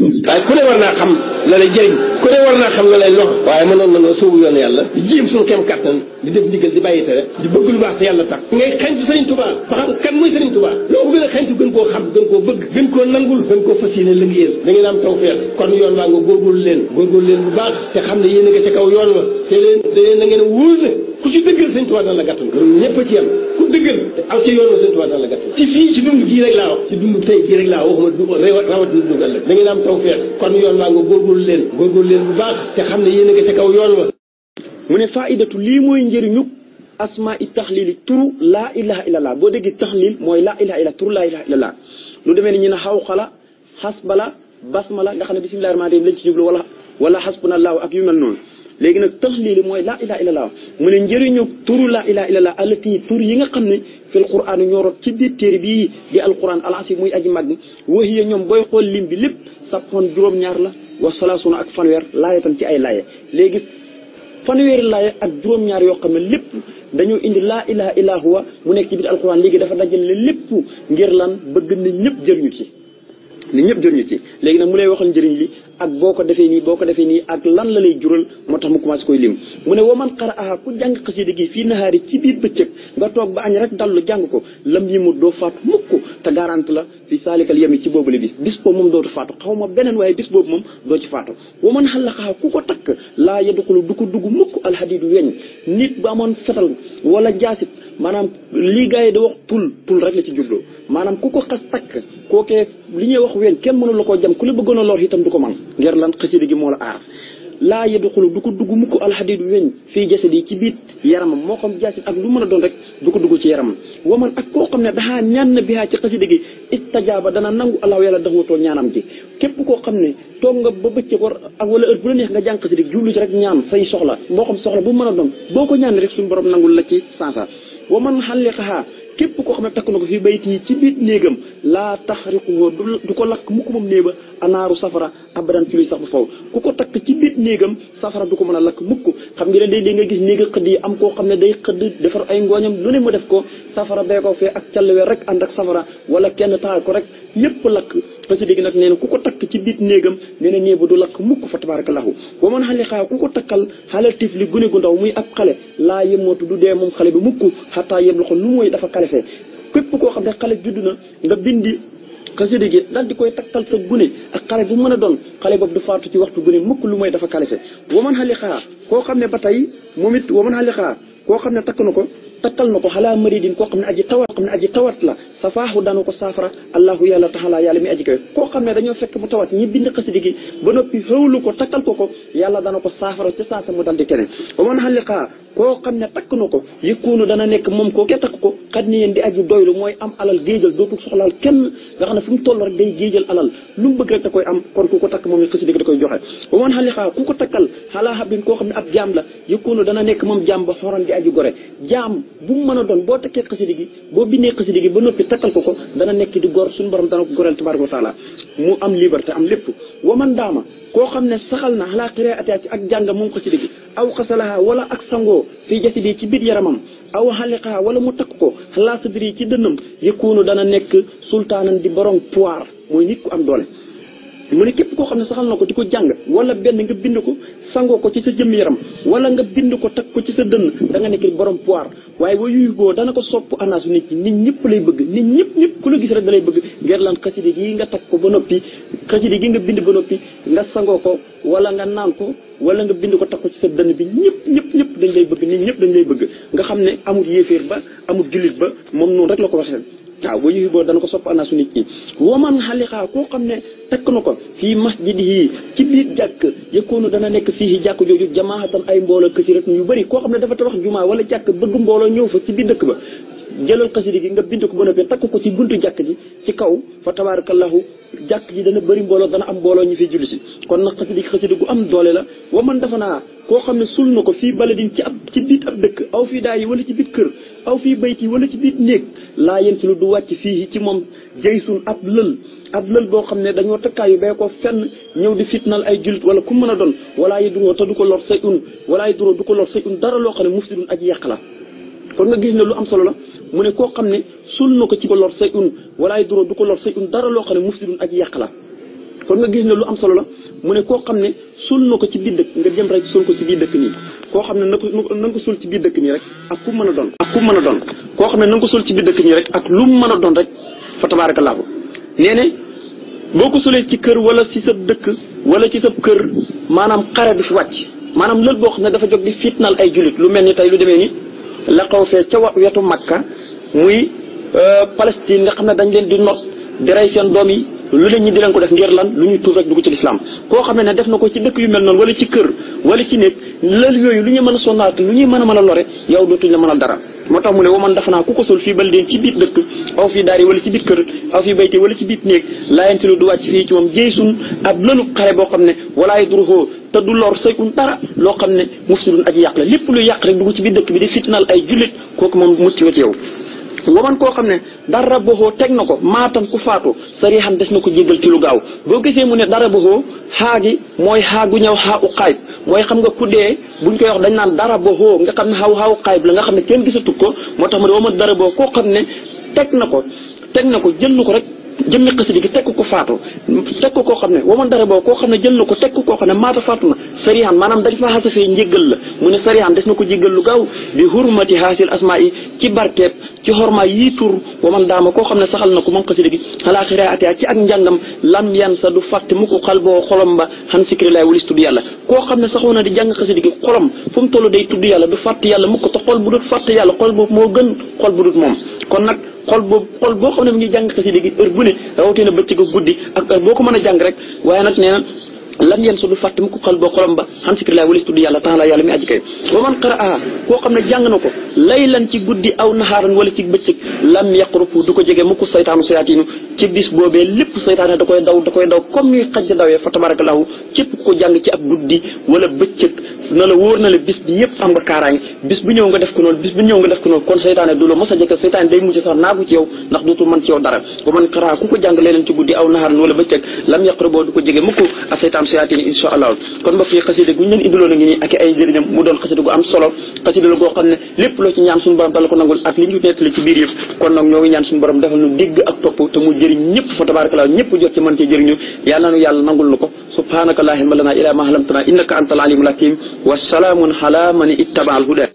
waaye ku ne war naa xam la lay jëriñ ku ne war naa xam la lay lox waaye mënoon nañoo sóobu yoon yàlla di jéem suñu kem kattan di def ndigal di bàyyi tere di bëgg lu baax te yàlla tax ngay xentu Sëriñ Tuubaa ba xam kan mooy Sëriñ Tuubaa loo ko gën a xentu gën koo xam gën koo bëgg gën koo nangul gën koo fas yéene liggéeyal da ngeen am tawfeex kon yoon waa nga góorgóorlu leen góorgóorlu leen bu baax te xam ne yéen a nga ca kaw yoon wa te leen da leen da a wóor ne ku ci dëggal te aw ci yoonu sëñ Tuubaa daan la gàtt ci fii ci dund gii rek laa wax ci dund tey gii rek laa waxuma rawat na dund ëllëg da ngeen am tawfeex kon yoon waa nga góorgóorlu leen góorgóorlu leen bu baax te xam ne yéen a nga ca kaw yoon wa mu ne faidatu lii mooy njëriñu asma i taxlili turu laa ilaha la boo déggee taxlil mooy laa ilaha illa turu laa ilaha illallah lu demee ni ñu ne bas ma la nga xam ne bismillahi rahmaani rahim lañ ci jublu wala wala xasbunallahu ak yu mel noonu léegi nag taxliili mooy laa ilaha laa mu ne njëriñu turu laa ilaha illallah allati tur yi nga xam ne fil quran ñoorot ci biir téere bii di alquran alasi muy aji mag waxiya ñoom booy xool lim bi lépp sappoon juróom-ñaar la wa salaasuna ak fanweer laayatan ci ay laaye léegi fanweeri laaye ak juróom-ñaar yoo xam ne lépp dañoo indi laa ilaha illa huwa mu nekk ci biir alquran léegi dafa dajale lépp ngir lan bëgg na ñëpp jëriñu ci nit ñëpp jot ñu ci léegi nag mu lay waxal njëriñ li ak boo ko defee nii boo ko defee nii ak lan la lay jural moo tax mu commencé koy lim mu ne waman xara aha ku jàng xasida gi fii nahaari ci biir bëccëg nga toog ba añ rek dal dallu jàng ko lam yi mu doo faatu mukk te garante la fi saalikal yem yi ci boobule bis bis boobu moom dootu faatu xaw ma beneen waaye bis boobu moom doo ci faatu waman xalaxaa ku ko takk la yadxulu du ko dugg mukk alhadidu weñ nit bu amoon fetal wala jaasit maanaam lii gars yi di wax pul pul rek la ci jubloo maanaam ku ko xas takk kookee li ñuy wax ween kenn mënu koo jam ku la bëggoon a lor itam du ko man ngir lan xasida gi moo la aar laa yadxulu du ko dugg mukk alxadiidu weñ fii jasadi ci biit yaramam moo xam jaasit ak lu mën a doon rek du ko dugg ci yaramam waman ak koo xam ne daxaa ñaan na bihaa ci xasida gi istajaaba dana nangu allahu yàlla daxawatoo ñaanam ji képp koo xam ne toog nga ba bëccëg war ak wala heure neex nga jàng xasida gi jublu ci rek ñaan say soxla moo xam soxla bu mën a doon boo ko ñaan rek suñu borom nangul la ci sansa wa man xalliqaha képp koo xam ne takkuna na ko fi bayt yi ci biir néegam laa tax taxriquhu du ko lakk mukk moom néeba anaaru safara abadan ci luy sax bu faw ku ko takk ci biir néegam safara du ko mën a lakk mukk xam nga ne day di nga gis néega xëdd yi am koo xam ne day xëdd defar ay ngooñam lu ne mu def ko safara bee ko fee ak calluwe rek ànd ak safara wala kenn taal ko rek yépp lakk xasida gi nag nee na ku ko takk ci biit néegam nee na néeg ba du lakk mukk fa tabarakallahu wa man xaliqaa ku ko takkal xalal tif li gune gu ndaw muy ab xale laa yemootu du dee moom xale bi mukk xataa yem loxo lu mooy dafa kalefee képp koo xam ne xale judd na nga bindi xasida gi dal di koy takkal sa gune ak xale bu mën a doon xale boobu du faatu ci waxtu gune mukk lu mooy dafa kalefe wa man xaliqaa koo xam ne ba tey moom it wa man xaliqaa koo xam ne takk na ko takkal na ko xalaa maridin koo xam ne aji tawat xam ne aji tawat la safaahu dana ko saafara allahu yàlla taxala yàlla mi aji kawe koo xam ne dañoo fekk mu tawat ñi bind ba noppi xëwlu ko takkal ko ko yalla dana ko saafara ca saasa mu dal di keneen ba man xaliqaa koo xam ne takk na ko yëkkoonu dana nekk moom koo ke takk ko xad ni yéen di aji doylu mooy am alal géejal dootul soxlaal kenn nga xam ne fu mu toll rek day géejal alal lu mu bëgg rek da koy am kon ku ko takk moom xasidi gi koy joxe ba man xaliqaa ku ko takkal xalaa xabdin koo xam ne ab jaam la yëkkoonu dana nekk moom jaam ba xoran di aji gore jaam bu mu mën a doon boo tekkee xasida gi boo bindee xasida gi ba noppi takkal ko ko dana nekk di gor suñu borom dana ko goreel tabaraka wa taala mu am liberté am lépp wa man daama koo xam ne saxal na xalaa xiree ataa ci ak jànga moom xasida gi aw xasalaha wala ak sangoo fii jasidi ci biir yaramam aw xaliqaha wala mu takk ko xalaa sadri ci dënnam yëkkuunu dana nekk sultaanan di borom pouvoir mooy nit ku am doole mu ne képp koo xam ne saxal na ko di ko jàng wala benn nga bind ko sangoo ko ci sa jëmm yaram wala nga bind ko teg ko ci sa dënn danga nga nekk borom poir waaye wa yuyu boo dana ko sopp anaasu nit ñi nit ñëpp lay bëgg nit ñëpp ñëpp ku la da lay bëgg ngir lan xasidi gi nga teg ko ba noppi xasidi gi nga bind ba noppi nga sangoo ko wala nga naan wala nga bind ko teg ko ci sa dënn bi ñëpp ñëpp ñëpp dañ lay bëgg nit ñëpp dañ lay bëgg nga xam ne amul yéeféer ba amul jullit ba moom noonu rek la ko waxee waaw wa yuhibboo dana ko sopp ana su nit ki waman xalixaa koo xam ne takk na ko fii masjidihi ci biir jàkk yëkkoonu dana nekk fii jàkk jooju jamaatan ay mbooloo kësirat yu bëri koo xam ne dafa tabax jumaa wala jàkk bëgg mbooloo ñëw fa ci biir dëkk ba jëlal di gi nga bind ko ba noppi takk ko ci buntu jàkk ji ci kaw fa tabaarakallahu jàkk ji dana bëri mbooloo dana am mbooloo ñu fi julli si kon nag xasidi gi xasidi gu am doole la wa man dafa naa koo xam ne sul na ko fii baladin ci ab ci biit ab dëkk aw fii yi wala ci biit kër aw fii bayti wala ci biir néeg laa yéen si lu du wàcc fii ci moom jay suñ ab lël ab lël boo xam ne dañoo takkaayu bee ko fenn ñëw di fitnal ay jullit wala ku mën a doon walaa yi duroo te du ko lor say un walaa yi duroo du ko lor say un dara loo xam ne mufsidun aj yàq la kon nga gis ne lu am solo la mu ne koo xam ne sul na ko ci ko lor say un walaa ay duroo du ko lor say un dara loo xam ne mufsidun ay yàq la kon nga gis ne lu am solo la mu ne koo xam ne suul na ko ci biir dëkk nga jëm rek suul ko ci biir dëkk nii koo xam ne na ko na ko sul ci biir dëkk nii rek ak ku mën a doon ak ku mën a koo xam ne na ko suul ci biir dëkk nii rek ak lu mu mën a doon rek fa tabaarakallaahu nee ne boo ko sulee ci kër wala ci sa dëkk wala ci sa kër maanaam xare du fi wàcc maanaam loolu boo xam ne dafa jóg di fitnaal ay jullit lu mel ni tey lu demee ni la xaw fee ca wetu Makka muy euh, Palestine nga xam ne dañ leen di not di rey seen doom yi lu ne ñi di leen ko def ngir lan lu ñuy tuub rek dugg ci lislaam koo xam ne def na ko ci dëkk yu mel noonu wala ci kër wala ci néeg lël yooyu lu ñu mën a sonnaat lu ñuy mën a mën a lore yow dootuñ la mënal dara moo tax mu ne wa man dafa naa ku ko sol fii baldeen ci biir dëkk aw fii daari wala ci biir kër aw fii bayte wala ci biir néeg laayante lu du wàcc fii ci moom jéy sun ab lëlu xare boo xam ne walaay duruxoo te du lor sayun dara loo xam ne mufsidun aji yàq la lépp lu yàq rek dugg ci biir dëkk bi di fitnaal ay jullit kooku moom mucc wet yow waman koo xam ne dara boxoo teg na ko maatan ku faatu sarihan des na ko jéggal ci lu gaaw boo gisee mu ne dara boxoo xaagi mooy xaagu ñaw xaa u xayb mooy xam nga ku dee buñ koy wax dañ naan dara boxoo nga xam ne xaw xaaw bi la nga xam ne kenn gisatut ko moo tax ma ne waman dara boxoo koo xam ne teg na ko teg na ko jël ko rek jëmmi xasida gi tekk ko faatu tekk koo xam ne waman dara boo koo xam ne jël na ko tekk koo xam ne maata faatu na sariyaan maanaam dañ fa xasafee njéggal la mu ne sariyaan des na ko jéggal lu gaaw bi hurmati haasil asmaa yi ci barkeeb ci xormaa yii tur waman daama koo xam ne saxal na ko moom xasida gi xalaa xiraati ci ak njàngam lam yan sa du fàtte mu ko xal boo xolom ba xan sikri laay wulis tudd yàlla koo xam ne saxoon na di jàng xasida gi xolom fu mu toll day tudd yàlla du fàtte yàlla bu dut fàtte yàlla xol boobu moo gën xol bu moom kon nag xol boobu xol boo xam ne mi ngi jàng xasida gi heure bu ne rawatina bëccëg ak guddi ak boo ko mën a jàng rek waaye nag nee na lan yeen su du fàtte mu ko xal boo xolam ba xam sikirilaay walis tudd yàlla taxalaa yàlla mi aji kay wa xam ne jàng na ko laylan ci guddi aw naxaaran wala ci bëccëg lam yaqrufu du ko jege mu ko saytaanu sayaatiinu ci bis boobee lépp saytaane da koy daw da koy daw comme ñuy xaj dawee fa tabarakallahu képp ko jàng ci ab guddi wala bëccëg na la wóor na la bis bi yëpp am nga kaaraange bis bu ñëw nga def ko noonu bis bu ñëw nga def ko noonu kon seytaane du la mos a jëkk seytaane day mujj sax naagu ci yow ndax dootul man ci yow dara ba man xaraa ku ko jàng leneen ci guddi aw naxaran wala bëccëg lam yàqre boo du ko jege mukk a seytaan seytaane insha allah kon mbokk yi xasida gu ñu leen indiloon a ngi nii ak ay njëriñam mu doon xasida gu am solo xasida la goo xam ne lépp loo ci ñaan suñu borom dala ko nangul ak li ñu nettali ci biir yëpp kon nag ñoo ngi ñaan suñu borom defal nu dégg ak topp te mu jëriñ ñëpp fa tabarakallah ñëpp jot ci mën ci jëriñu yàlla na nu yàlla nangul nu ko subhanaka laa ilma lanaa illaa maa allamtanaa innaka antal alimul hakim wa salaamun ala man ittaba al huda